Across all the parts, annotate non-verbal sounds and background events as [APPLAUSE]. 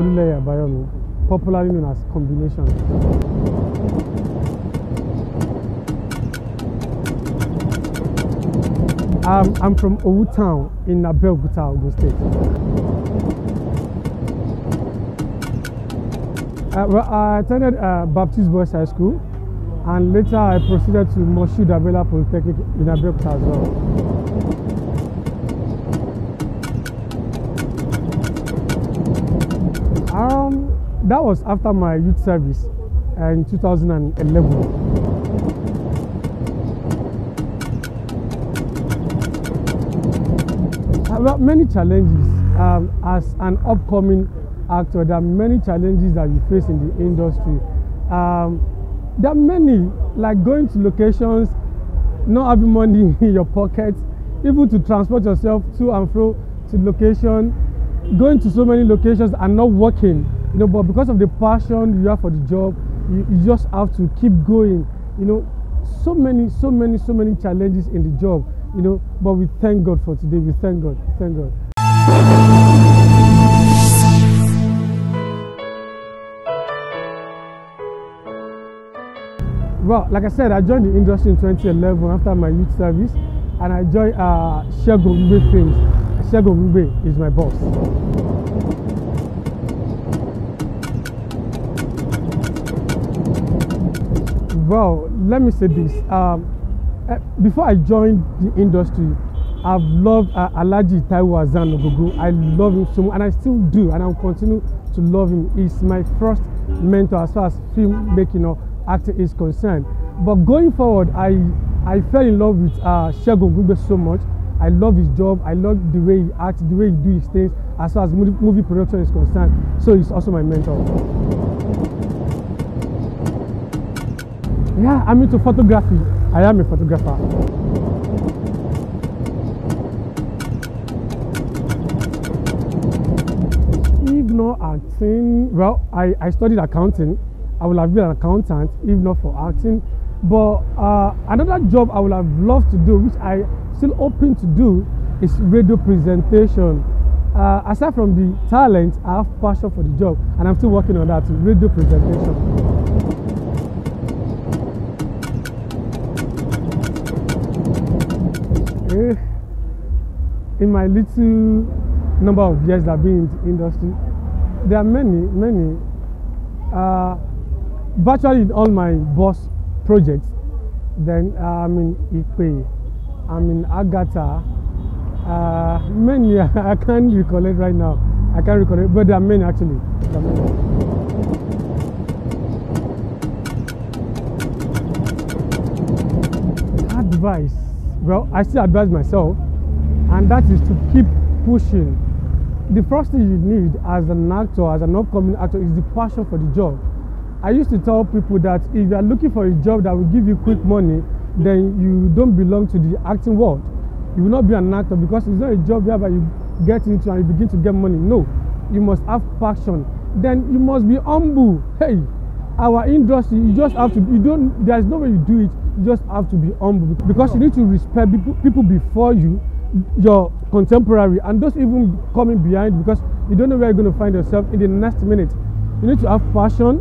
Oluleye Bayomi, popularly known as Combination. Um, I'm from Owu Town in Abeokuta, Ogun State. Uh, well, I attended uh, Baptist Boys High School and later I proceeded to Moshu Dabela Polytechnic in Abeokuta as well. That was after my youth service uh, in 2011. There are many challenges um, as an upcoming actor. There are many challenges that you face in the industry. Um, there are many, like going to locations, not having money [LAUGHS] in your pocket, even to transport yourself to and fro to location, going to so many locations and not working. you know but because of the passion you have for the job you, you just have to keep going you know so many so many so many challenges in the job you know but we thank god for today we thank god thank god well like i said i joined the industry in 2011 after my youth service and i joined uh shegun Rube things is my boss Well, let me say this. Um, eh, before I joined the industry, I've loved uh, Alhaji Taiwo Hassan Ogogo. I love him so much, and I still do, and I'll continue to love him. He's my first mentor as far as film making or acting is concerned. But going forward, I I fell in love with uh, Segun Gugbe so much. I love his job. I love the way he acts, the way he do his things, as far as movie, movie production is concerned. So he's also my mentor. Yeah, I'm into photography. I am a photographer. If not acting, well, I, I studied accounting. I would have been an accountant if not for acting. But uh, another job I would have loved to do, which I still hoping to do, is radio presentation. Uh, aside from the talent, I have passion for the job, and I'm still working on that radio presentation. eh, in my little number of years that I've been in the industry, there are many, many. Uh, virtually in all my boss projects, then uh, I'm in Ipe, I'm in Agata, uh, many [LAUGHS] I can't recall it right now. I can't recall it, but there are many actually. advice Well, I still advise myself, and that is to keep pushing. The first thing you need as an actor, as an upcoming actor, is the passion for the job. I used to tell people that if you are looking for a job that will give you quick money, then you don't belong to the acting world. You will not be an actor because it's not a job where you get into and you begin to get money. No, you must have passion. Then you must be humble. Hey, our industry, you just have to, you don't, there's no way you do it just have to be humble because you need to respect people, people before you, your contemporary, and those even coming behind because you don't know where you're going to find yourself in the next minute. You need to have passion,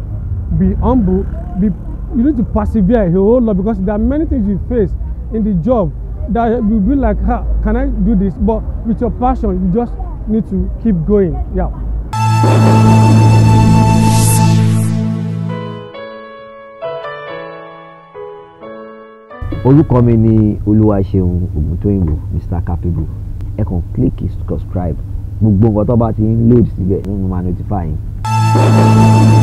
be humble, be, you need to persevere a whole lot because there are many things you face in the job that will be like, ah, can I do this? But with your passion, you just need to keep going. Yeah. orúkọ mi ni olúwaṣeun ògùntóyìnbó mr capable ẹ kàn kílíkì subscribe gbogbo nǹkan tó bá ti ń lòdì síbẹ̀ nínú máa notify yín.